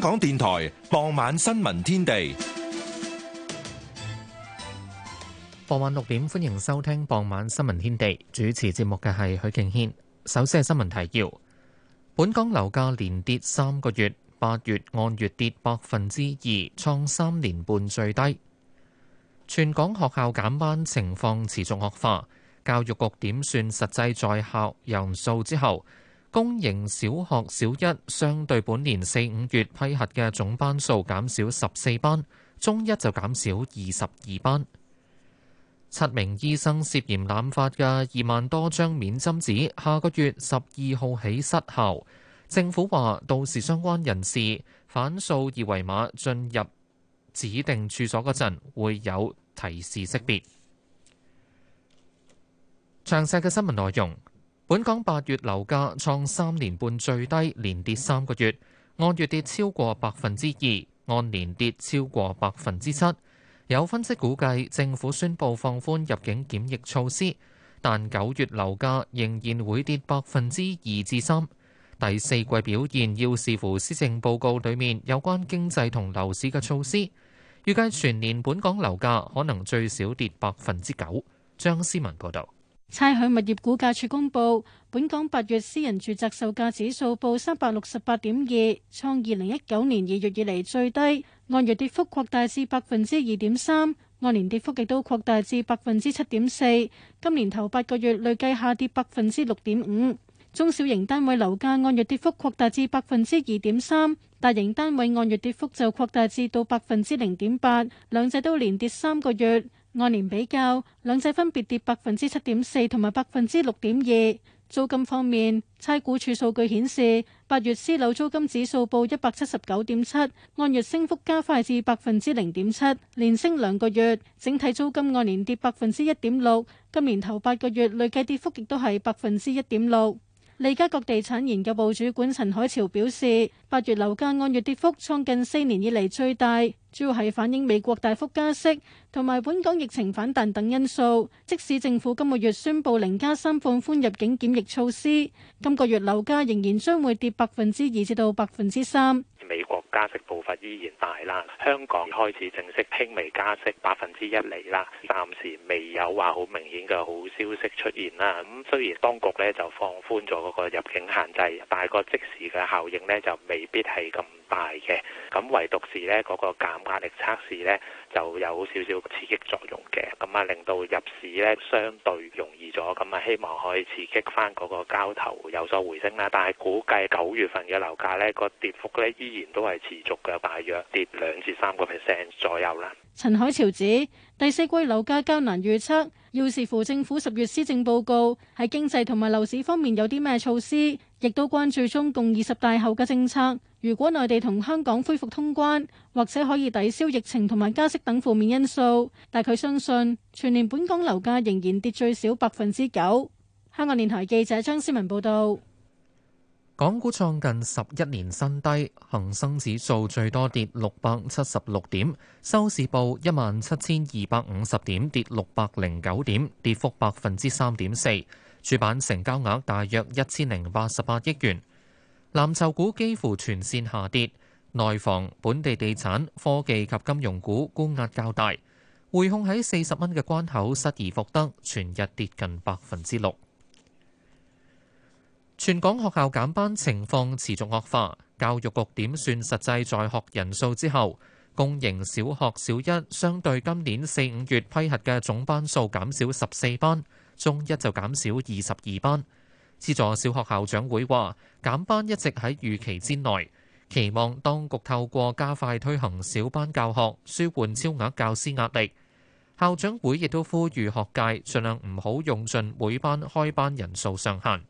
香港電台傍晚新聞天地，傍晚六點歡迎收聽傍晚新聞天地。主持節目嘅係許敬軒。首先係新聞提要：本港樓價連跌三個月，八月按月跌百分之二，創三年半最低。全港學校減班情況持續惡化，教育局點算實際在校人數之後。公營小學小一相對本年四五月批核嘅總班數減少十四班，中一就減少二十二班。七名醫生涉嫌濫發嘅二萬多張免針紙，下個月十二號起失效。政府話，到時相關人士反掃二維碼進入指定處所嗰陣，會有提示識別。詳細嘅新聞內容。本港八月樓價創三年半最低，連跌三個月，按月跌超過百分之二，按年跌超過百分之七。有分析估計，政府宣布放寬入境檢疫措施，但九月樓價仍然會跌百分之二至三。第四季表現要視乎施政報告裡面有關經濟同樓市嘅措施。預計全年本港樓價可能最少跌百分之九。張思文報道。差餉物業估價處公佈，本港八月私人住宅售價指數報三百六十八點二，創二零一九年二月以嚟最低，按月跌幅擴大至百分之二點三，按年跌幅亦都擴大至百分之七點四。今年頭八個月累計下跌百分之六點五。中小型單位樓價按月跌幅擴大至百分之二點三，大型單位按月跌幅就擴大至到百分之零點八，兩者都連跌三個月。按年比較，兩者分別跌百分之七點四同埋百分之六點二。租金方面，差估署數據顯示，八月私樓租金指數報一百七十九點七，按月升幅加快至百分之零點七，連升兩個月。整體租金按年跌百分之一點六，今年頭八個月累計跌幅亦都係百分之一點六。利嘉閣地產研究部主管陳海潮表示，八月樓價按月跌幅創近四年以嚟最大，主要係反映美國大幅加息同埋本港疫情反彈等因素。即使政府今個月宣布零加三放寬入境檢疫措施，今個月樓價仍然將會跌百分之二至到百分之三。美國加息步伐依然大啦，香港開始正式輕微加息百分之一厘啦，暫時未有話好明顯嘅好消息出現啦。咁雖然當局咧就放寬咗嗰個入境限制，但係個即時嘅效應咧就未必係咁大嘅。咁唯獨是咧嗰、那個減壓力測試咧。就有少少刺激作用嘅，咁啊令到入市咧相對容易咗，咁啊希望可以刺激翻嗰個交投有所回升啦。但係估計九月份嘅樓價咧個跌幅咧依然都係持續嘅，大約跌兩至三個 percent 左右啦。陳海潮指第四季樓價較難預測，要視乎政府十月施政報告喺經濟同埋樓市方面有啲咩措施。亦都關注中共二十大後嘅政策，如果內地同香港恢復通關，或者可以抵消疫情同埋加息等負面因素。但佢相信，全年本港樓價仍然跌最少百分之九。香港電台記者張思文報道，港股創近十一年新低，恒生指數最多跌六百七十六點，收市報一萬七千二百五十點，跌六百零九點，跌幅百分之三點四。主板成交額大約一千零八十八億元，藍籌股幾乎全線下跌，內房、本地地產、科技及金融股沽壓較大，匯控喺四十蚊嘅關口失而復得，全日跌近百分之六。全港學校減班情況持續惡化，教育局點算實際在學人數之後，公營小學小一相對今年四五月批核嘅總班數減少十四班。中一就減少二十二班，資助小學校長會話減班一直喺預期之內，期望當局透過加快推行小班教學，舒緩超額教師壓力。校長會亦都呼籲學界盡量唔好用盡每班開班人數上限。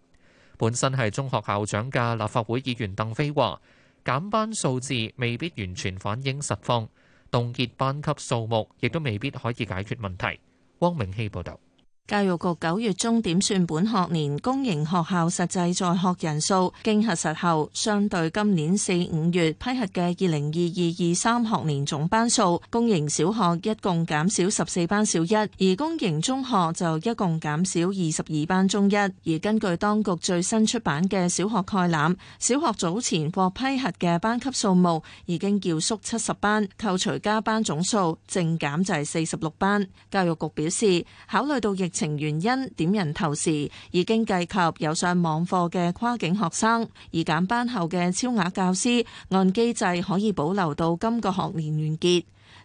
本身係中學校長嘅立法會議員鄧飛話減班數字未必完全反映實況，凍結班級數目亦都未必可以解決問題。汪明希報導。教育局九月中點算本學年公營學校實際在學人數，經核實後，相對今年四五月批核嘅二零二二二三學年總班數，公營小學一共減少十四班小一，而公營中學就一共減少二十二班中一。而根據當局最新出版嘅小學概覽，小學早前獲批核嘅班級數目已經叫縮七十班，扣除加班總數，淨減就係四十六班。教育局表示，考慮到疫疫情原因點人頭時，已經計及有上網課嘅跨境學生，而減班後嘅超額教師，按機制可以保留到今個學年完結。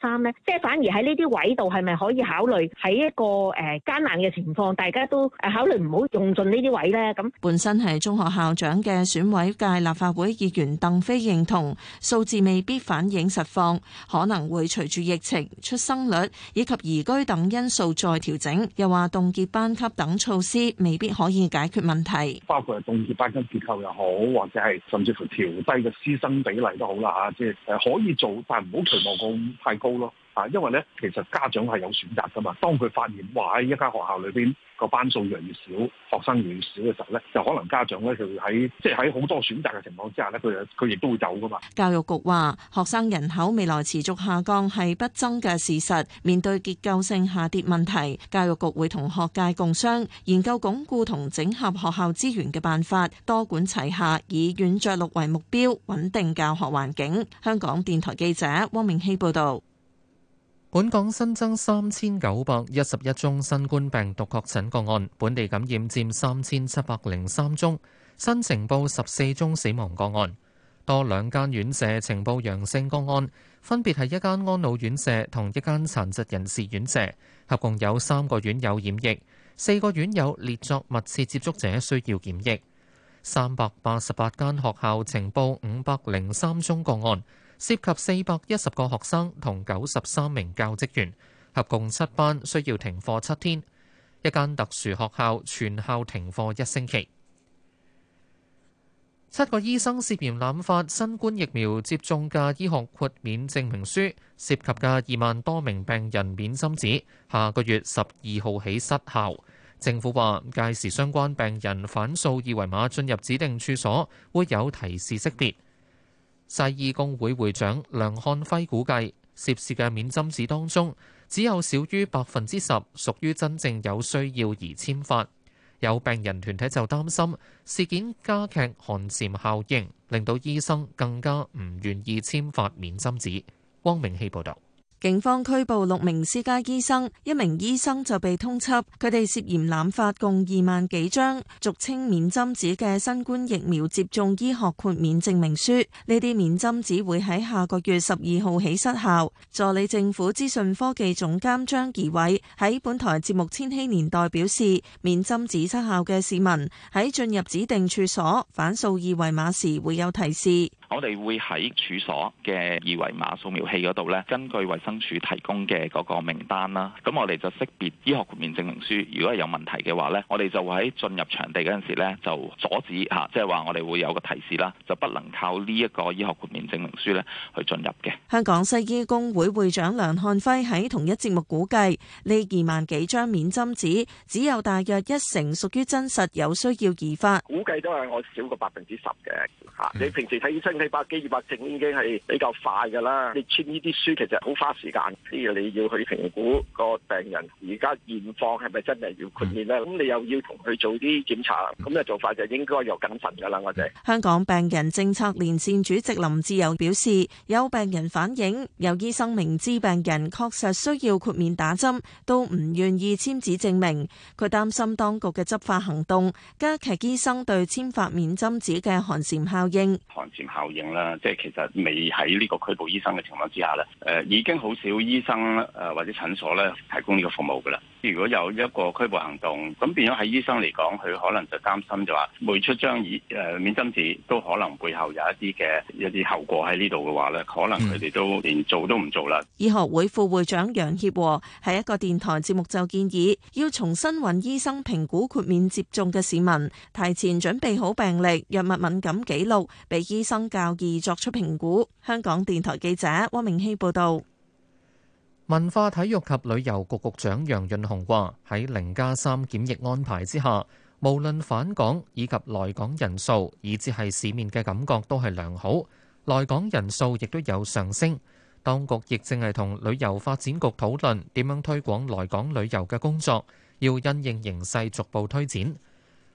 三咧，即係反而喺呢啲位度，係咪可以考慮喺一個誒艱難嘅情況，大家都誒考慮唔好用盡呢啲位咧？咁本身係中學校長嘅選委界立法會議員鄧飛認同數字未必反映實況，可能會隨住疫情出生率以及移居等因素再調整。又話凍結班級等措施未必可以解決問題，包括係凍結班級結構又好，或者係甚至乎調低個師生比例都好啦嚇，即係誒可以做，但係唔好期望咁太高。啊，因為咧，其實家長係有選擇噶嘛。當佢發現話喺一間學校裏邊個班數越嚟越少，學生越嚟越少嘅時候咧，就可能家長咧，佢喺即係喺好多選擇嘅情況之下咧，佢佢亦都會走噶嘛。教育局話，學生人口未來持續下降係不爭嘅事實，面對結構性下跌問題，教育局會同學界共商研究鞏固同整合學校資源嘅辦法，多管齊下，以軟著陸為目標，穩定教學環境。香港電台記者汪明熙報導。本港新增三千九百一十一宗新冠病毒確診個案，本地感染佔三千七百零三宗，新呈報十四宗死亡個案，多兩間院舍呈報陽性個案，分別係一間安老院舍同一間殘疾人士院舍，合共有三個院友染疫，四個院友列作密切接觸者需要檢疫，三百八十八間學校呈報五百零三宗個案。涉及四百一十個學生同九十三名教職員，合共七班需要停課七天。一間特殊學校全校停課一星期。七個醫生涉嫌濫發新冠疫苗接種嘅醫學豁免證明書，涉及嘅二萬多名病人免針紙，下個月十二號起失效。政府話屆時相關病人反掃二維碼進入指定處所會有提示識別。世醫工會會長梁漢輝估計，涉事嘅免針紙當中，只有少於百分之十屬於真正有需要而簽發。有病人團體就擔心事件加劇寒蟬效應，令到醫生更加唔願意簽發免針紙。汪明希報導。警方拘捕六名私家醫生，一名醫生就被通緝。佢哋涉嫌濫發共二萬幾張俗稱免針紙嘅新冠疫苗接種醫學豁免證明書。呢啲免針紙會喺下個月十二號起失效。助理政府資訊科技總監張宜偉喺本台節目《千禧年代》表示，免針紙失效嘅市民喺進入指定處所反掃二維碼時會有提示。我哋會喺處所嘅二維碼掃描器嗰度咧，根據衛生署提供嘅嗰個名單啦，咁我哋就識別醫學豁免證明書，如果係有問題嘅話咧，我哋就會喺進入場地嗰陣時咧，就阻止吓，即係話，我哋會有個提示啦，就不能靠呢一個醫學豁免證明書咧去進入嘅。香港西醫工會會長梁漢輝喺同一節目估計呢二萬幾張免針紙只有大約一成屬於真實有需要而發，估計都係我少過百分之十嘅吓，嗯、你平時睇醫生？四百幾二百證已經係比較快㗎啦。你簽呢啲書其實好花時間，譬如你要去評估個病人而家現況係咪真係要豁免咧？咁你又要同佢做啲檢查，咁嘅做法就應該有謹慎㗎啦。我哋香港病人政策連線主席林志友表示，有病人反映，有醫生明知病人確實需要豁免打針，都唔願意簽字證明。佢擔心當局嘅執法行動，加劇醫生對簽發免針紙嘅寒蟬效應。寒蟬效。啦，即係其實未喺呢個拘捕醫生嘅情況之下咧，誒已經好少醫生誒或者診所咧提供呢個服務噶啦。如果有一個拘捕行動，咁變咗喺醫生嚟講，佢可能就擔心就話，每出張、呃、免誒免針紙都可能背後有一啲嘅一啲後果喺呢度嘅話呢，可能佢哋都連做都唔做啦。醫學會副會長楊協和喺一個電台節目就建議，要重新揾醫生評估豁免接種嘅市民，提前準備好病歷、藥物敏感記錄，俾醫生較易作出評估。香港電台記者汪明熙報道。文化體育及旅遊局局長楊潤雄話：喺零加三檢疫安排之下，無論返港以及來港人數，以至係市面嘅感覺都係良好，來港人數亦都有上升。當局亦正係同旅遊發展局討論點樣推廣來港旅遊嘅工作，要因應形勢逐步推展。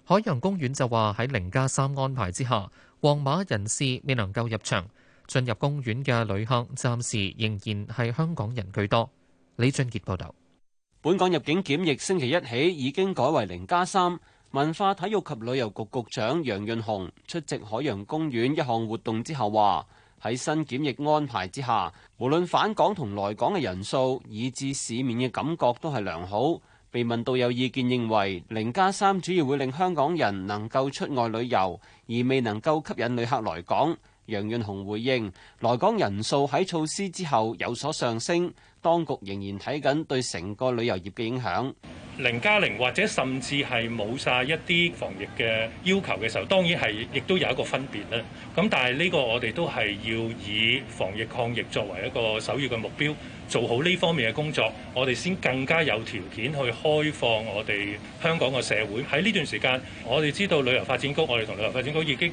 海洋公園就話喺零加三安排之下，黃碼人士未能夠入場。進入公園嘅旅客暫時仍然係香港人居多。李俊傑報導，本港入境檢疫星期一起已經改為零加三。文化體育及旅遊局局長楊潤雄出席海洋公園一項活動之後話：喺新檢疫安排之下，無論返港同來港嘅人數，以至市面嘅感覺都係良好。被問到有意見認為零加三主要會令香港人能夠出外旅遊，而未能夠吸引旅客來港。楊潤雄回應：來港人數喺措施之後有所上升，當局仍然睇緊對成個旅遊業嘅影響。零加零或者甚至係冇晒一啲防疫嘅要求嘅時候，當然係亦都有一個分別啦。咁但係呢個，我哋都係要以防疫抗疫作為一個首要嘅目標，做好呢方面嘅工作，我哋先更加有條件去開放我哋香港嘅社會。喺呢段時間，我哋知道旅遊發展局，我哋同旅遊發展局已經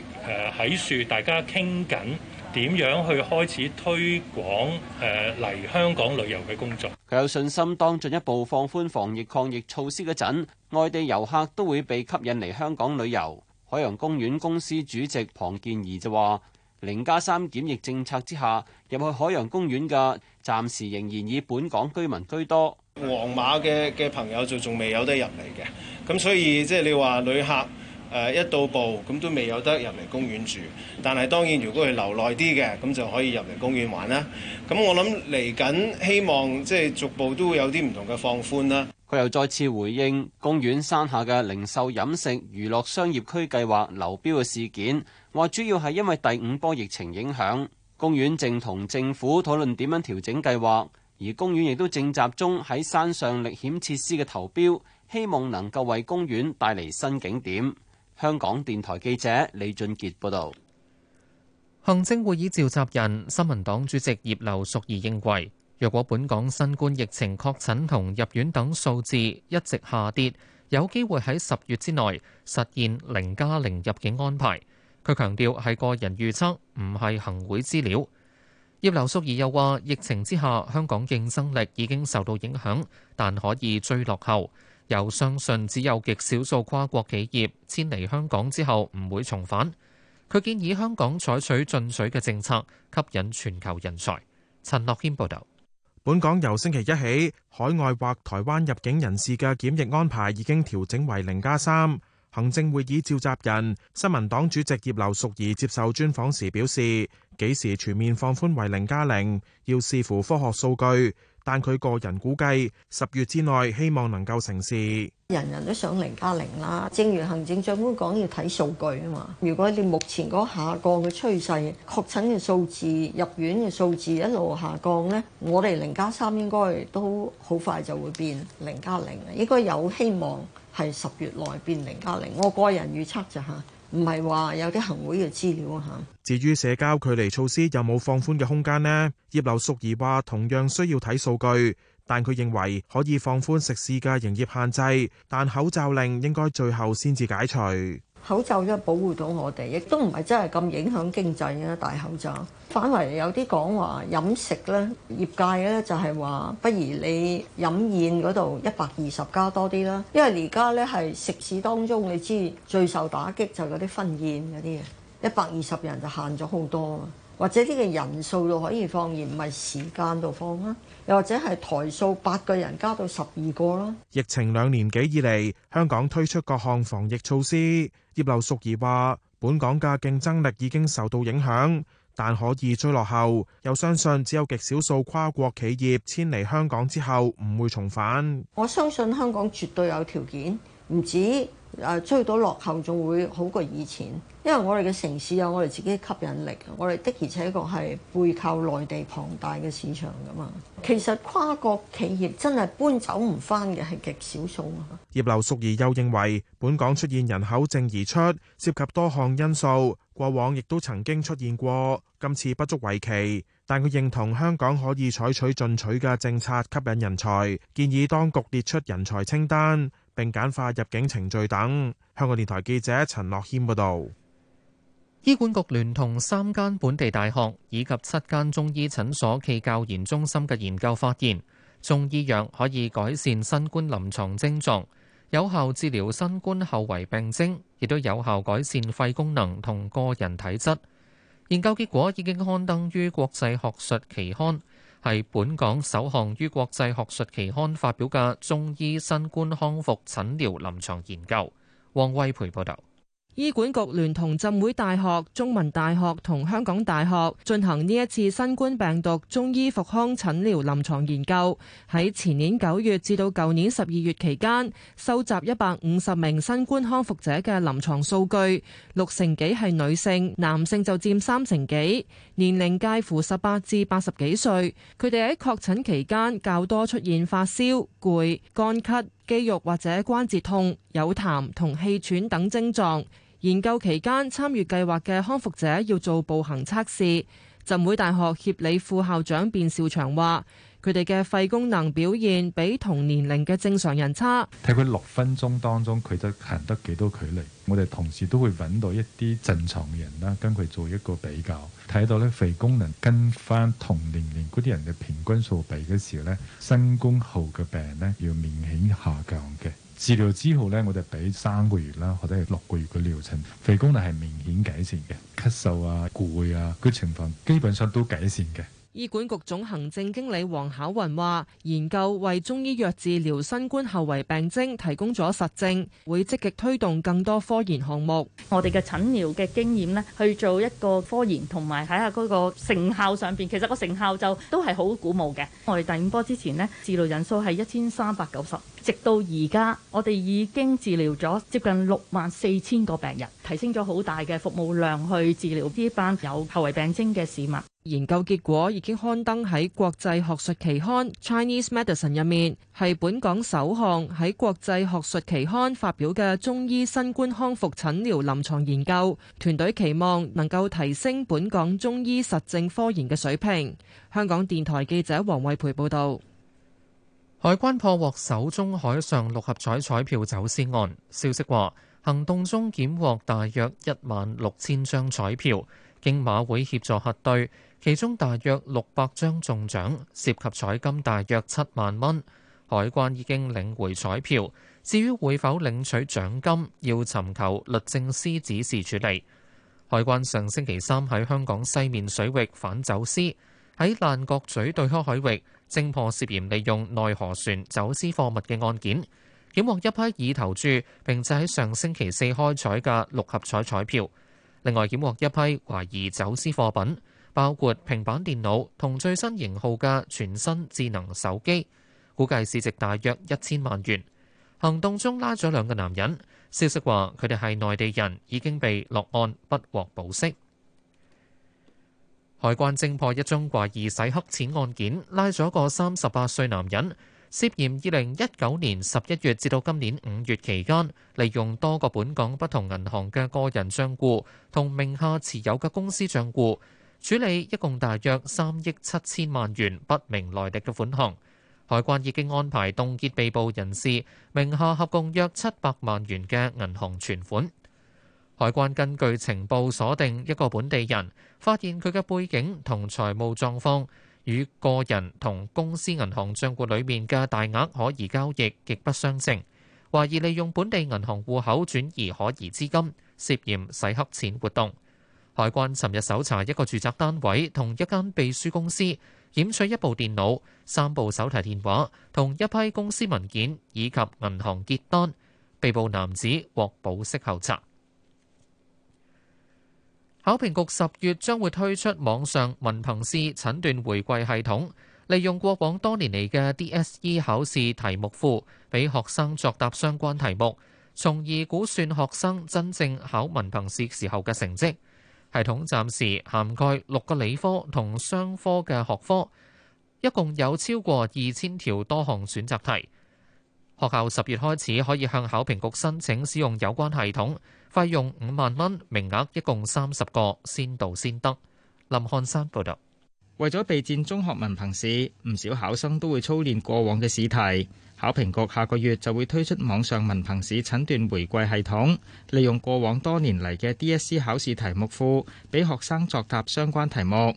誒喺度大家傾緊。點樣去開始推廣誒嚟香港旅遊嘅工作？佢有信心，當進一步放寬防疫抗疫措施嗰陣，外地遊客都會被吸引嚟香港旅遊。海洋公園公司主席龐建貽就話：零加三檢疫政策之下，入去海洋公園嘅，暫時仍然以本港居民居多。皇馬嘅嘅朋友就仲未有得入嚟嘅，咁所以即係你話旅客。誒一到步咁都未有得入嚟公園住，但係當然如果係留耐啲嘅咁就可以入嚟公園玩啦。咁我諗嚟緊希望即係逐步都會有啲唔同嘅放寬啦。佢又再次回應公園山下嘅零售飲食娛樂商業區計劃流標嘅事件，話主要係因為第五波疫情影響，公園正同政府討論點樣調整計劃，而公園亦都正集中喺山上歷險設施嘅投標，希望能夠為公園帶嚟新景點。香港電台記者李俊杰報道，行政會議召集人、新民黨主席葉劉淑儀認為，若果本港新冠疫情確診同入院等數字一直下跌，有機會喺十月之內實現零加零入境安排。佢強調係個人預測，唔係行會資料。葉劉淑儀又話，疫情之下香港競爭力已經受到影響，但可以追落後。又相信只有極少數跨國企業遷離香港之後唔會重返，佢建議香港採取進水嘅政策吸引全球人才。陳樂謙報道。本港由星期一起，海外或台灣入境人士嘅檢疫安排已經調整為零加三。行政會議召集人、新民黨主席葉劉淑儀接受專訪時表示，幾時全面放寬為零加零，0，要視乎科學數據。但佢個人估計，十月之內希望能夠成事。人人都想零加零啦，正如行政長官講，要睇數據啊嘛。如果你目前嗰下降嘅趨勢、確診嘅數字、入院嘅數字一路下降呢，我哋零加三應該都好快就會變零加零，應該有希望係十月內變零加零。我個人預測就係。唔係話有啲行會嘅資料啊嚇。至於社交距離措施有冇放寬嘅空間呢？葉劉淑儀話同樣需要睇數據，但佢認為可以放寬食肆嘅營業限制，但口罩令應該最後先至解除。口罩都保護到我哋，亦都唔係真係咁影響經濟啊！戴口罩反為有啲講話飲食咧業界咧就係話，不如你飲宴嗰度一百二十加多啲啦，因為而家咧係食肆當中，你知最受打擊就係嗰啲婚宴嗰啲嘢，一百二十人就限咗好多。或者呢個人數都可以放，而唔係時間度放啦。又或者係台數八個人加到十二個啦。疫情兩年幾以嚟，香港推出各項防疫措施。葉劉淑儀話：本港嘅競爭力已經受到影響，但可以追落後。又相信只有極少數跨國企業遷嚟香港之後唔會重返。我相信香港絕對有條件，唔止。誒追到落後仲會好過以前，因為我哋嘅城市有我哋自己嘅吸引力，我哋的而且確係背靠內地龐大嘅市場㗎嘛。其實跨國企業真係搬走唔返嘅係極少數。葉劉淑儀又認為，本港出現人口正而出，涉及多項因素，過往亦都曾經出現過，今次不足為奇。但佢認同香港可以採取進取嘅政策吸引人才，建議當局列出人才清單。並簡化入境程序等。香港電台記者陳樂謙報道，醫管局聯同三間本地大學以及七間中醫診所暨教研中心嘅研究發現，中醫藥可以改善新冠臨床症狀，有效治療新冠後遺病徵，亦都有效改善肺功能同個人體質。研究結果已經刊登於國際學術期刊。係本港首項於國際學術期刊發表嘅中醫新冠康復診療臨床研究。王威培報導。醫管局聯同浸會大學、中文大學同香港大學進行呢一次新冠病毒中醫復康診療臨床研究，喺前年九月至到舊年十二月期間，收集一百五十名新冠康復者嘅臨床數據，六成幾係女性，男性就佔三成幾，年齡介乎十八至八十幾歲，佢哋喺確診期間較多出現發燒、攰、乾咳。肌肉或者關節痛、有痰同氣喘等症狀。研究期間參與計劃嘅康復者要做步行測試。浸會大學協理副校長卞兆祥話。佢哋嘅肺功能表現比同年齡嘅正常人差。睇佢六分鐘當中佢得行得幾多距離，我哋同時都會揾到一啲正常人啦，跟佢做一個比較，睇到咧肺功能跟翻同年齡嗰啲人嘅平均數比嘅時候咧，新冠後嘅病咧要明顯下降嘅。治療之後咧，我哋俾三個月啦，或者係六個月嘅療程，肺功能係明顯改善嘅，咳嗽啊、攰啊，嗰、那個、情況基本上都改善嘅。醫管局總行政經理黃巧雲話，研究為中醫藥治療新冠後遺病徵提供咗實證，會積極推動更多科研項目。我哋嘅診療嘅經驗呢，去做一個科研，同埋睇下嗰個成效上邊，其實個成效就都係好鼓舞嘅。我哋第五波之前呢，治療人數係一千三百九十。直到而家，我哋已經治療咗接近六萬四千個病人，提升咗好大嘅服務量去治療呢班有後遺病徵嘅市民。研究結果已經刊登喺國際學術期刊《Chinese Medicine》入面，係本港首項喺國際學術期刊發表嘅中醫新冠康復診療臨床研究。團隊期望能夠提升本港中醫實證科研嘅水平。香港電台記者黃慧培報導。海關破獲首宗海上六合彩彩票走私案。消息話，行動中檢獲大約一萬六千張彩票，經馬會協助核對，其中大約六百張中獎，涉及彩金大約七萬蚊。海關已經領回彩票，至於會否領取獎金，要尋求律政司指示處理。海關上星期三喺香港西面水域反走私，喺爛角咀對開海域，偵破涉嫌利用內河船走私貨物嘅案件，檢獲一批已投注並製喺上星期四開彩嘅六合彩彩票，另外檢獲一批懷疑走私貨品，包括平板電腦同最新型號嘅全新智能手機，估計市值大約一千萬元。行動中拉咗兩個男人，消息話佢哋係內地人，已經被落案，不獲保釋。海關偵破一宗懷疑洗黑錢案件，拉咗個三十八歲男人，涉嫌二零一九年十一月至到今年五月期間，利用多個本港不同銀行嘅個人賬戶同名下持有嘅公司賬戶，處理一共大約三億七千萬元不明來歷嘅款項。海關已經安排凍結被捕人士名下合共約七百萬元嘅銀行存款。海關根據情報鎖定一個本地人，發現佢嘅背景同財務狀況與個人同公司銀行賬戶裏面嘅大額可疑交易極不相稱，懷疑利用本地銀行戶口轉移可疑資金，涉嫌洗黑錢活動。海關尋日搜查一個住宅單位同一間秘書公司，檢取一部電腦、三部手提電話同一批公司文件以及銀行結單，被捕男子獲保釋候查。考評局十月將會推出網上文憑試診斷回饋系統，利用過往多年嚟嘅 DSE 考試題目庫，俾學生作答相關題目，從而估算學生真正考文憑試時候嘅成績。系統暫時涵蓋六個理科同商科嘅學科，一共有超過二千條多項選擇題。學校十月開始可以向考評局申請使用有關系統，費用五萬蚊，名額一共三十個，先到先得。林漢山報導。為咗備戰中學文憑試，唔少考生都會操練過往嘅試題。考評局下個月就會推出網上文憑試診斷回饋系統，利用過往多年嚟嘅 DSE 考試題目庫，俾學生作答相關題目。呢、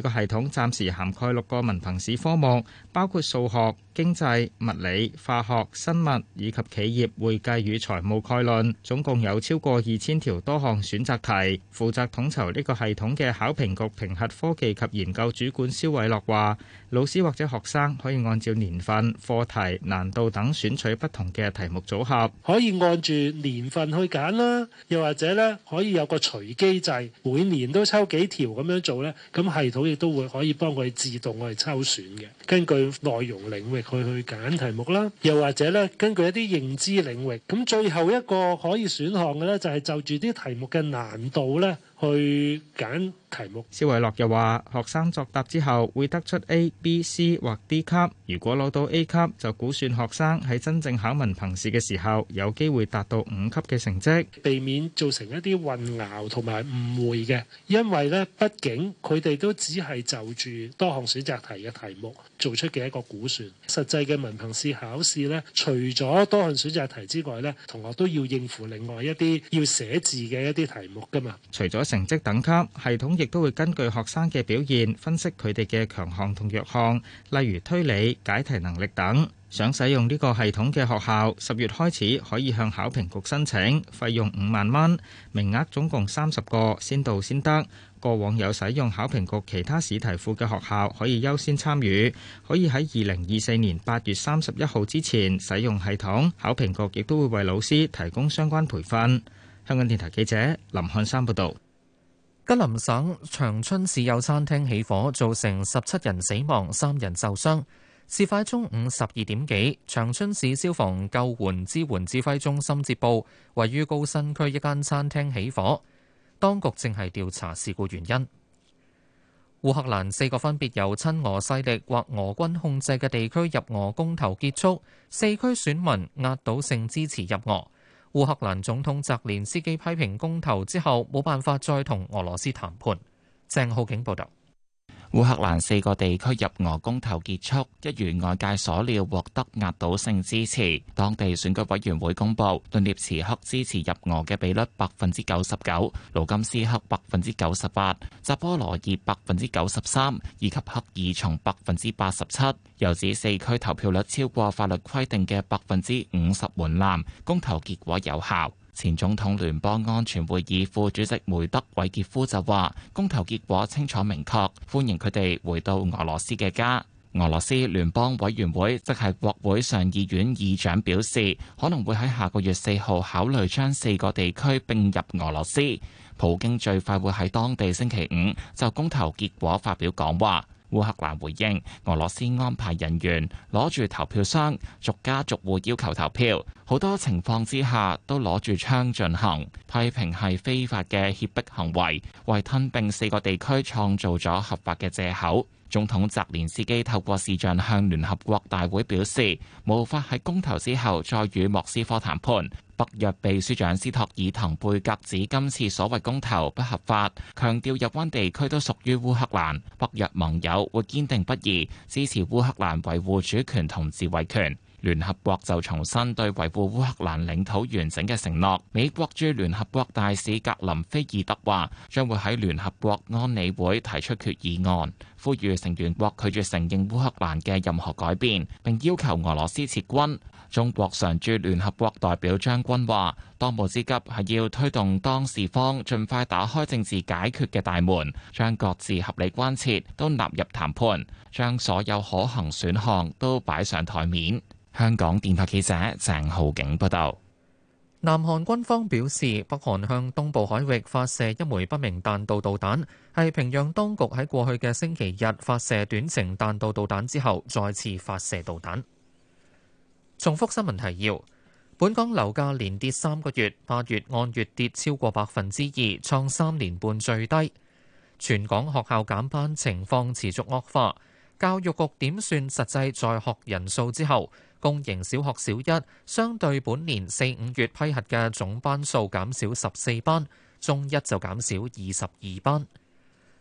這個系統暫時涵蓋六個文憑試科目，包括數學、經濟、物理、化學、生物以及企業會計與財務概論，總共有超過二千條多項選擇題。負責統籌呢個系統嘅考評局評核科技及研究主管肖偉樂話，老師或者學生可以按照年份、課題、難度等選取不同嘅題目組合。可以按住年份去揀啦，又或者咧可以有個隨機制，每年都抽幾條咁樣做咧，咁系統亦都會可以幫佢自動去抽選嘅。根據內容領域。去去揀題目啦，又或者咧根據一啲認知領域，咁最後一個可以選項嘅咧就係就住啲題目嘅難度咧去揀。肖偉樂又話：學生作答之後會得出 A、B、C 或 D 級，如果攞到 A 級，就估算學生喺真正考文憑試嘅時候，有機會達到五級嘅成績，避免造成一啲混淆同埋誤會嘅。因為呢，畢竟佢哋都只係就住多項選擇題嘅題目做出嘅一個估算，實際嘅文憑試考試呢，除咗多項選擇題之外呢，同學都要應付另外一啲要寫字嘅一啲題目噶嘛。除咗成績等級，系統亦亦都會根據學生嘅表現分析佢哋嘅強項同弱項，例如推理、解題能力等。想使用呢個系統嘅學校，十月開始可以向考評局申請，費用五萬蚊，名額總共三十個，先到先得。過往有使用考評局其他試題庫嘅學校可以優先參與，可以喺二零二四年八月三十一號之前使用系統。考評局亦都會為老師提供相關培訓。香港電台記者林漢山報道。吉林省長春市有餐廳起火，造成十七人死亡、三人受傷。事發中午十二點幾，長春市消防救援支援指揮中心接報，位於高新區一間餐廳起火，當局正係調查事故原因。烏克蘭四個分別由親俄勢力或俄軍控制嘅地區入俄公投結束，四區選民壓倒性支持入俄。烏克蘭總統澤連斯基批評公投之後，冇辦法再同俄羅斯談判。鄭浩景報導。烏克蘭四個地區入俄公投結束，一如外界所料，獲得壓倒性支持。當地選舉委員會公布，頓涅茨克支持入俄嘅比率百分之九十九，盧甘斯克百分之九十八，扎波羅熱百分之九十三，以及克爾松百分之八十七。又指四區投票率超過法律規定嘅百分之五十門檻，公投結果有效。前總統聯邦安全會議副主席梅德韋傑夫就話，公投結果清楚明確，歡迎佢哋回到俄羅斯嘅家。俄羅斯聯邦委員會即係國會上議院議長表示，可能會喺下個月四號考慮將四個地區並入俄羅斯。普京最快會喺當地星期五就公投結果發表講話。烏克蘭回應：俄羅斯安排人員攞住投票箱，逐家逐戶要求投票，好多情況之下都攞住槍進行，批評係非法嘅脅迫行為，為吞併四個地區創造咗合法嘅借口。總統澤連斯基透過視像向聯合國大會表示，無法喺公投之後再與莫斯科談判。北約秘書長斯托爾滕貝格指今次所謂公投不合法，強調入關地區都屬於烏克蘭。北約盟友會堅定不移支持烏克蘭維護主權同自衞權。聯合國就重新對維護烏克蘭領土完整嘅承諾。美國駐聯合國大使格林菲爾德話，將會喺聯合國安理會提出決議案。呼籲成員國拒絕承認烏克蘭嘅任何改變，並要求俄羅斯撤軍。中國常駐聯合國代表張軍話：當務之急係要推動當事方盡快打開政治解決嘅大門，將各自合理關切都納入談判，將所有可行選項都擺上檯面。香港電台記者鄭浩景報道。南韓軍方表示，北韓向東部海域發射一枚不明彈道導彈，係平壤當局喺過去嘅星期日發射短程彈道導彈之後，再次發射導彈。重複新聞提要：本港樓價連跌三個月，八月按月跌超過百分之二，創三年半最低。全港學校減班情況持續惡化。教育局點算實際在學人數之後，公營小學小一相對本年四五月批核嘅總班數減少十四班，中一就減少二十二班。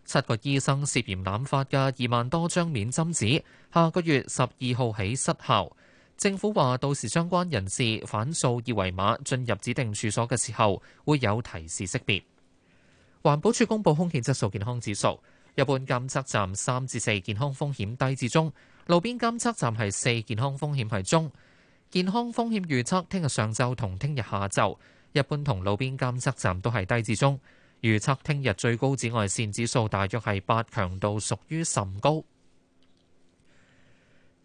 七個醫生涉嫌濫發嘅二萬多張免針紙，下個月十二號起失效。政府話到時相關人士反掃二維碼進入指定處所嘅時候，會有提示識別。環保署公布空氣質素健康指數。一般監測站三至四，健康風險低至中，路邊監測站係四，健康風險係中。健康風險預測聽日上晝同聽日下晝，一般同路邊監測站都係低至中。預測聽日最高紫外線指數大約係八，強度屬於甚高。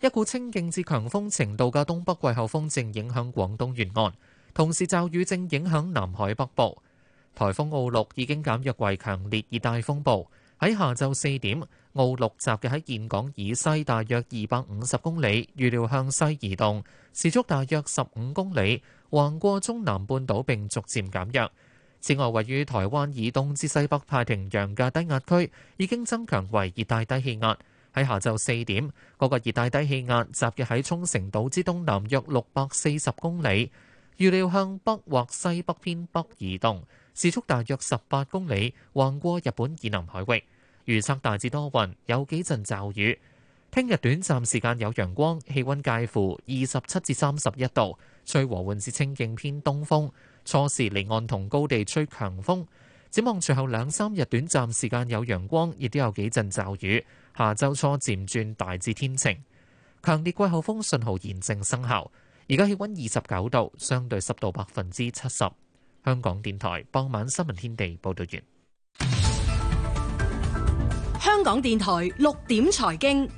一股清勁至強風程度嘅東北季候風正影響廣東沿岸，同時驟雨正影響南海北部。颱風奧鹿已經減弱為強烈熱帶風暴。喺下晝四點，奧鹿集結喺香港以西大約二百五十公里，預料向西移動，時速大約十五公里，橫過中南半島並逐漸減弱。此外，位於台灣以東至西北太平洋嘅低壓區已經增強為熱帶低氣壓。喺下晝四點，嗰、那個熱帶低氣壓集結喺沖繩島之東南約六百四十公里，預料向北或西北偏北移動。時速大約十八公里，橫過日本以南海域。預測大致多雲，有幾陣驟雨。聽日短暫時間有陽光，氣溫介乎二十七至三十一度，吹和緩至清勁偏東風。初時離岸同高地吹強風。展望隨後兩三日短暫時間有陽光，亦都有幾陣驟雨。下周初漸轉大致天晴。強烈季候風信號現正生效。而家氣溫二十九度，相對濕度百分之七十。香港電台傍晚新聞天地報道完。香港電台六點財經。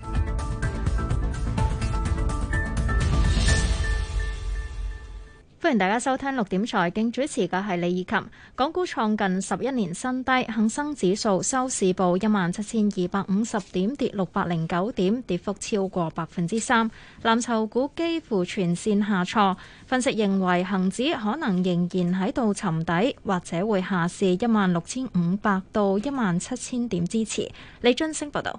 歡迎大家收聽六點財經，主持嘅係李以琴。港股創近十一年新低，恒生指數收市報一萬七千二百五十點，跌六百零九點，跌幅超過百分之三。藍籌股幾乎全線下挫，分析認為恒指可能仍然喺度沉底，或者會下試一萬六千五百到一萬七千點支持。李津升報道。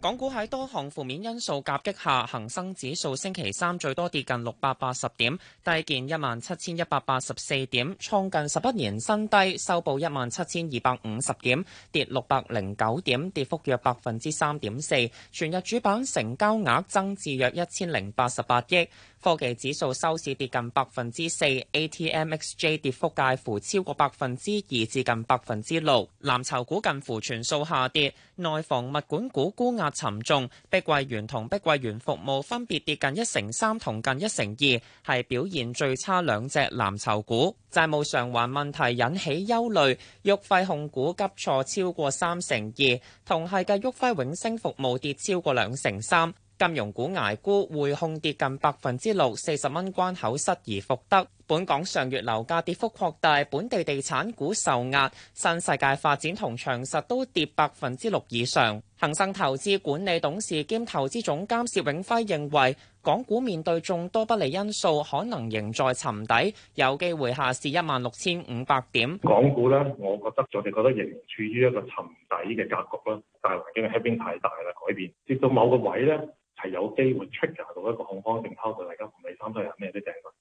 港股喺多項負面因素夾擊下，恒生指數星期三最多跌近六百八十點，低見一萬七千一百八十四點，創近十一年新低，收報一萬七千二百五十點，跌六百零九點，跌幅約百分之三點四。全日主板成交額增至約一千零八十八億。科技指數收市跌近百分之四，ATMXJ 跌幅介乎超過百分之二至近百分之六。藍籌股近乎全數下跌，內房物管股沽壓沉重，碧桂園同碧桂園服務分別跌近一成三同近一成二，係表現最差兩隻藍籌股。債務償還問題引起憂慮，旭輝控股急挫超過三成二，同係嘅旭輝永升服務跌超過兩成三。金融股捱沽，匯控跌近百分之六，四十蚊關口失而復得。本港上月樓價跌幅擴大，本地地產股受壓，新世界發展同長實都跌百分之六以上。恒生投資管理董事兼投資總監薛永輝認為，港股面對眾多不利因素，可能仍在尋底，有機會下市一萬六千五百點。港股咧，我覺得我你覺得仍然處於一個尋底嘅格局啦，大環境嘅 h 太大啦，改變直到某個位咧。係有機會 trigger 到一個恐慌性拋售，大家唔理三七廿一咩都掟佢。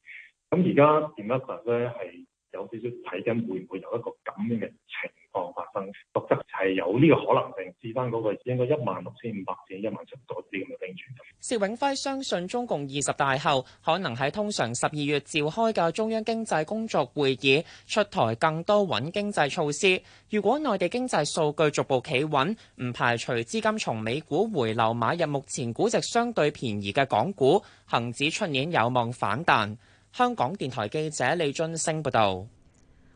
咁而家點解佢咧，係有少少睇緊會唔會有一個咁樣嘅情況發生？覺得係有呢個可能性。至翻嗰個應該一萬六千五百至一萬七左右咁樣定住。謝永輝相信中共二十大後，可能喺通常十二月召開嘅中央經濟工作會議出台更多穩經濟措施。如果內地經濟數據逐步企穩，唔排除資金從美股回流買入目前估值相對便宜嘅港股，恒指出年有望反彈。香港電台記者李津升報道。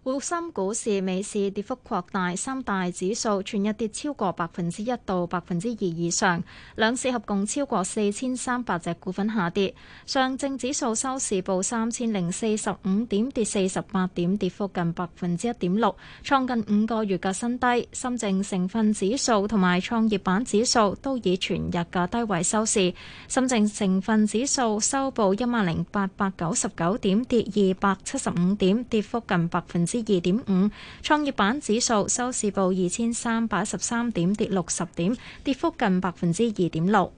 滬深股市尾市跌幅擴大，三大指數全日跌超過百分之一到百分之二以上，兩市合共超過四千三百隻股份下跌。上證指數收市報三千零四十五點，跌四十八點，跌幅近百分之一點六，創近五個月嘅新低。深證成分指數同埋創業板指數都以全日嘅低位收市。深證成分指數收報一萬零八百九十九點，跌二百七十五點，跌幅近百分之二點五，創業板指數收市報二千三百一十三點，跌六十點，跌幅近百分之二點六。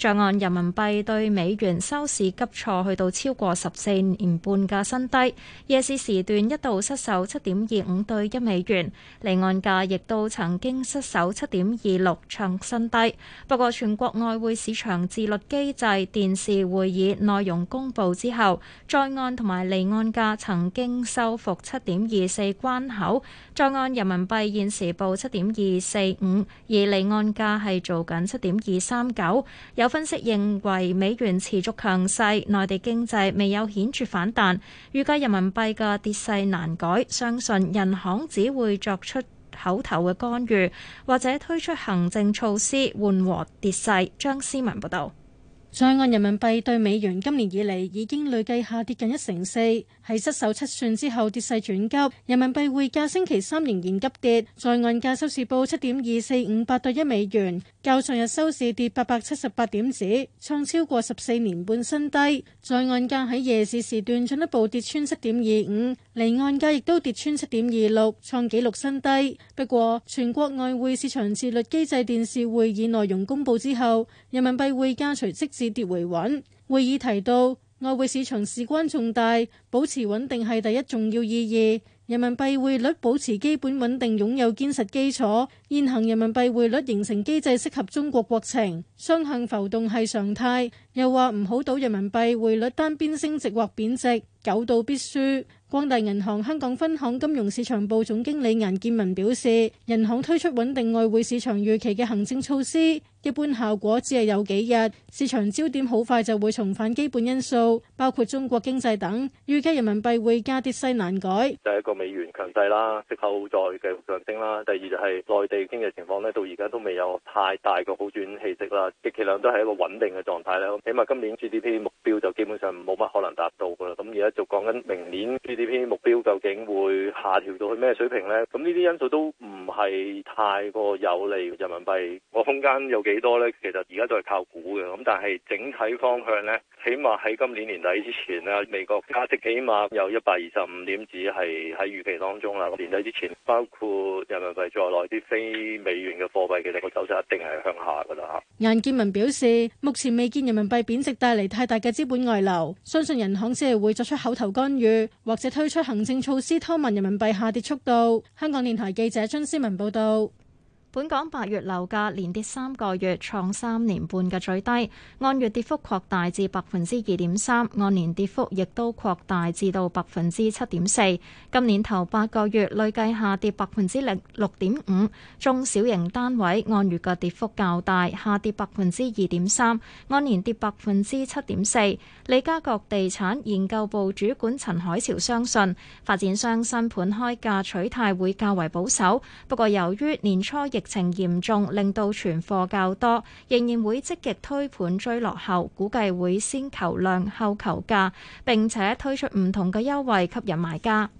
在岸人民幣對美元收市急挫，去到超過十四年半嘅新低。夜市時段一度失守七點二五對一美元，離岸價亦都曾經失守七點二六創新低。不過，全國外匯市場自律機制電視會議內容公佈之後，在岸同埋離岸價曾經收復七點二四關口。在岸人民幣現時報七點二四五，而離岸價係做緊七點二三九。有分析認為美元持續強勢，內地經濟未有顯著反彈，預計人民幣嘅跌勢難改。相信人行只會作出口頭嘅干預，或者推出行政措施緩和跌勢。張思文報道。在岸人民幣對美元今年以嚟已經累計下跌近一成四，喺失守七算之後跌勢轉急，人民幣匯價星期三仍然急跌，在岸價收市報七點二四五八對一美元，較上日收市跌八百七十八點子，創超過十四年半新低。在岸價喺夜市時段進一步跌穿七點二五，離岸價亦都跌穿七點二六，創紀錄新低。不過，全國外匯市場自律機制電視會議內容公佈之後，人民幣匯價隨即止跌回穩。會議提到，外匯市場事關重大，保持穩定係第一重要意義。人民幣匯率保持基本穩定，擁有堅實基礎。現行人民幣匯率形成機制適合中國國情，雙向浮動係常態。又話唔好賭人民幣匯率單邊升值或貶值，久賭必輸。光大銀行香港分行金融市場部總經理顏建文表示，銀行推出穩定外匯市場預期嘅行政措施。一般效果只係有，有幾日，市場焦點好快就會重返基本因素，包括中國經濟等。預計人民幣會加跌勢難改。第一個美元強勢啦，息口再繼續上升啦。第二就係內地經濟情況咧，到而家都未有太大嘅好轉氣息啦，極其量都係一個穩定嘅狀態咧。起碼今年 GDP 目標就基本上冇乜可能達到噶啦。咁而家就講緊明年 GDP 目標究竟會下調到去咩水平咧？咁呢啲因素都唔係太過有利人民幣個空間有幾。多咧？其實而家都係靠估嘅，咁但係整體方向呢，起碼喺今年年底之前啦，美國加息起碼有一百二十五點子係喺預期當中啦。年底之前，包括人民幣在內啲非美元嘅貨幣，其、那、實個走勢一定係向下噶啦。哈，顏建文表示，目前未見人民幣貶值帶嚟太大嘅資本外流，相信人行只係會作出口頭干預或者推出行政措施，拖慢人民幣下跌速度。香港電台記者張思文報道。本港八月樓價連跌三個月，創三年半嘅最低，按月跌幅擴大至百分之二點三，按年跌幅亦都擴大至到百分之七點四。今年頭八個月累計下跌百分之六點五，中小型單位按月嘅跌幅較大，下跌百分之二點三，按年跌百分之七點四。利嘉閣地產研究部主管陳海潮相信，發展商新盤開價取態會較為保守，不過由於年初疫……情嚴重，令到存貨較多，仍然會積極推盤追落後，估計會先求量後求價，並且推出唔同嘅優惠吸引買家。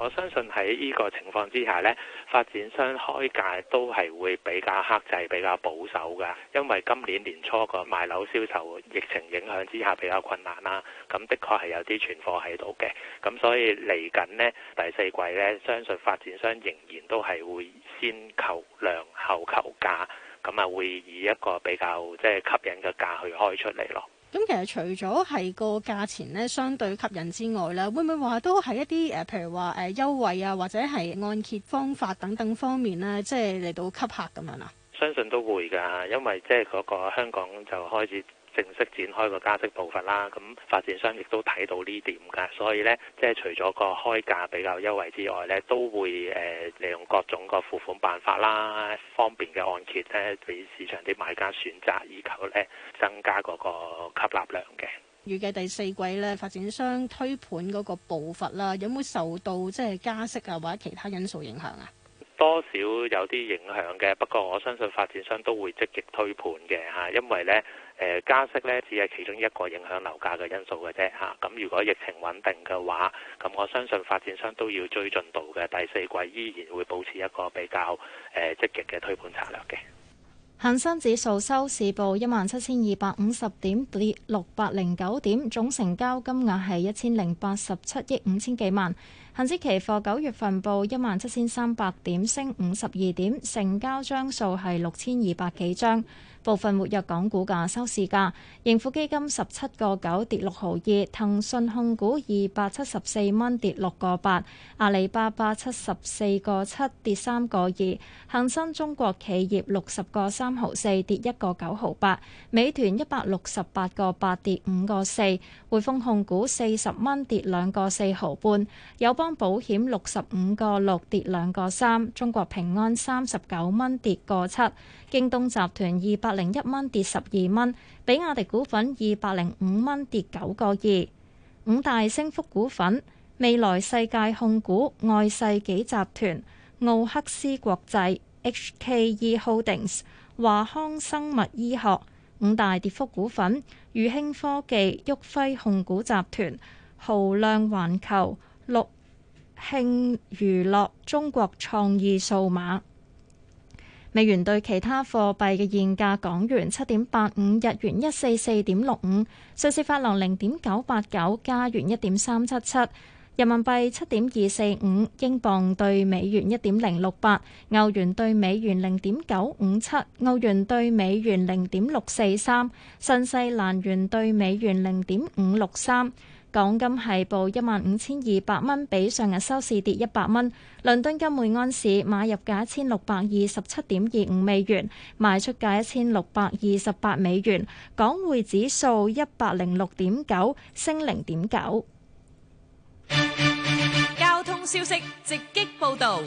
我相信喺呢個情況之下呢，發展商開價都係會比較克制、比較保守㗎，因為今年年初個賣樓銷售疫情影響之下比較困難啦。咁的確係有啲存貨喺度嘅，咁所以嚟緊呢第四季呢，相信發展商仍然都係會先求量後求價，咁啊會以一個比較即係吸引嘅價去開出嚟咯。咁其實除咗係個價錢咧，相對吸引之外咧，會唔會話都係一啲誒，譬如話誒、呃、優惠啊，或者係按揭方法等等方面咧，即係嚟到吸客咁樣啊？相信都會㗎，因為即係嗰個香港就開始，正式展開個加息步伐啦，咁發展商亦都睇到呢點嘅，所以咧，即係除咗個開價比較優惠之外咧，都會誒、呃、利用各種個付款辦法啦，方便嘅按揭咧，俾市場啲買家選擇，以求咧增加嗰個吸納量嘅。預計第四季咧，發展商推盤嗰個步伐啦，有冇受到即係加息啊或者其他因素影響啊？多少有啲影響嘅，不過我相信發展商都會積極推盤嘅吓，因為咧。呃、加息呢，只係其中一個影響樓價嘅因素嘅啫嚇。咁、啊、如果疫情穩定嘅話，咁、啊、我相信發展商都要追進度嘅，第四季依然會保持一個比較誒積極嘅推盤策略嘅。恆生指數收市報一萬七千二百五十點，跌六百零九點，總成交金額係一千零八十七億五千幾萬。恒指期貨九月份報一萬七千三百點，升五十二點，成交張數係六千二百幾張。部分活躍港股價收市價，盈富基金十七個九跌六毫二，騰訊控股二百七十四蚊跌六個八，8, 阿里巴巴七十四個七跌三個二，恒生中國企業六十個三毫四跌一個九毫八，美團一百六十八個八跌五個四，匯豐控股四十蚊跌兩個四毫半，友邦保險六十五個六跌兩個三，中國平安三十九蚊跌個七，2, 京東集團二百百零一蚊跌十二蚊，比亞迪股份二百零五蚊跌九個二。五大升幅股份：未來世界控股、愛世紀集團、奧克斯國際、HKE Holdings、華康生物醫學。五大跌幅股份：宇興科技、旭輝控股集團、豪量環球、六慶娛樂、中國創意數碼。美元兌其他貨幣嘅現價：港元七點八五，日元一四四點六五，瑞士法郎零點九八九，加元一點三七七，人民幣七點二四五，英鎊對美元一點零六八，歐元對美元零點九五七，澳元對美元零點六四三，新西蘭元對美元零點五六三。港金係報一萬五千二百蚊，比上日收市跌一百蚊。倫敦金每安士買入價一千六百二十七點二五美元，賣出價一千六百二十八美元。港匯指數一百零六點九，升零點九。交通消息直擊報道。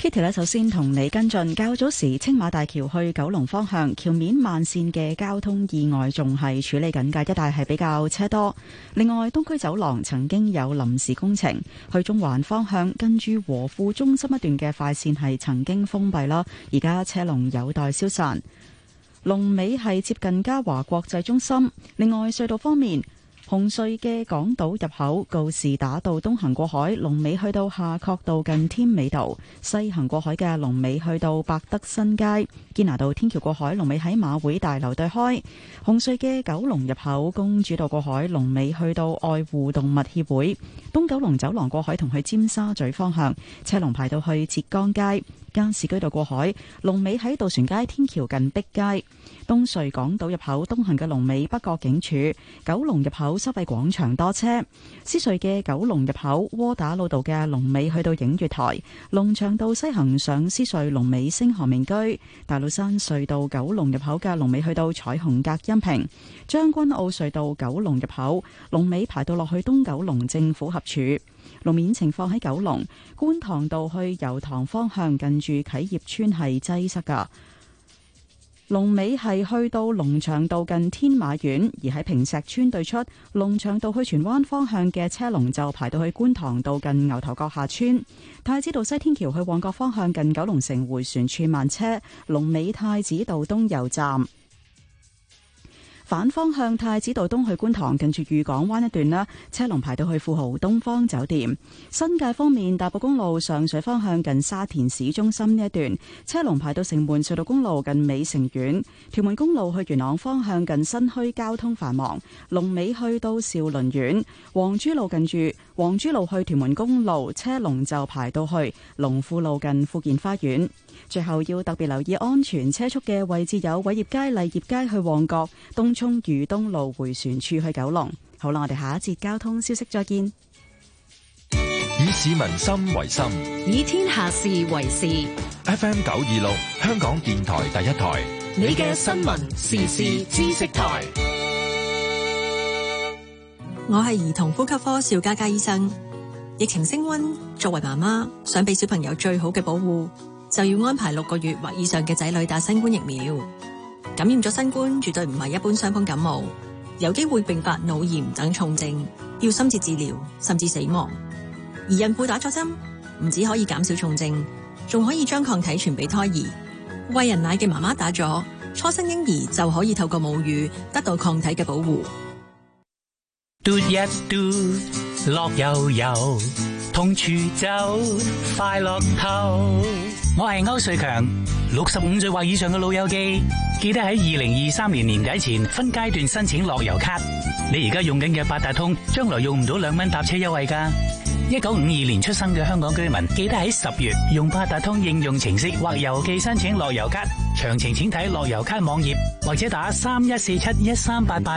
Kitty 咧，Katie，首先同你跟進較早時青馬大橋去九龍方向橋面慢線嘅交通意外，仲係處理緊嘅一帶係比較車多。另外，東區走廊曾經有臨時工程去中環方向，跟住和富中心一段嘅快線係曾經封閉啦，而家車龍有待消散。龍尾係接近嘉華國際中心。另外，隧道方面。紅隧嘅港島入口告士打道東行過海，龍尾去到下角道近天美道；西行過海嘅龍尾去到百德新街堅拿道天橋過海，龍尾喺馬會大樓對開。紅隧嘅九龍入口公主道過海，龍尾去到愛護動物協會東九龍走廊過海，同去尖沙咀方向車龍排到去浙江街。加士居道過海，龍尾喺渡船街天橋近碧街；東隧港島入口東行嘅龍尾，北角警署；九龍入口收費廣場多車；獅隧嘅九龍入口窩打老道嘅龍尾去到映月台；龍翔道西行上獅隧龍尾星河明居；大老山隧道九龍入口嘅龍尾去到彩虹隔音屏；將軍澳隧道九龍入口龍尾排到落去東九龍政府合署。路面情況喺九龍觀塘道去油塘方向近住啟業村係擠塞噶，龍尾係去到龍翔道近天馬苑，而喺平石村對出龍翔道去荃灣方向嘅車龍就排到去觀塘道近牛頭角下村，太子道西天橋去旺角方向近九龍城回旋處慢車，龍尾太子道東油站。反方向太子道東去觀塘，近住御港灣一段啦，車龍排到去富豪東方酒店。新界方面，大埔公路上水方向近沙田市中心呢一段，車龍排到城門隧道公路近美城苑。屯門公路去元朗方向近新墟，交通繁忙，龍尾去到兆麟苑。黃珠路近住黃珠路去屯門公路，車龍就排到去龍富路近富健花園。最後要特別留意安全車速嘅位置有偉業街、麗業街去旺角、東涌裕東路回旋處去九龍。好啦，我哋下一節交通消息再見。以市民心為心，以天下事為事。FM 九二六，香港電台第一台。你嘅新聞時事知識台。我係兒童呼吸科邵嘉嘉醫生。疫情升温，作為媽媽，想俾小朋友最好嘅保護，就要安排六個月或以上嘅仔女打新冠疫苗。感染咗新冠，絕對唔係一般傷風感冒，有機會併發腦炎等重症，要深切治療，甚至死亡。而孕婦打咗針，唔止可以減少重症，仲可以將抗體傳俾胎兒。喂人奶嘅媽媽打咗，初生嬰兒就可以透過母乳得到抗體嘅保護。Do y 樂悠悠，痛處走，快樂透。我係歐瑞強，六十五歲或以上嘅老友記，記得喺二零二三年年底前分階段申請樂悠咭。你而家用緊嘅八達通，將來用唔到兩蚊搭車優惠噶。一九五二年出生嘅香港居民，記得喺十月用八達通應用程式或郵寄申請樂悠咭。詳情請睇樂悠咭網頁或者打三一四七一三八八。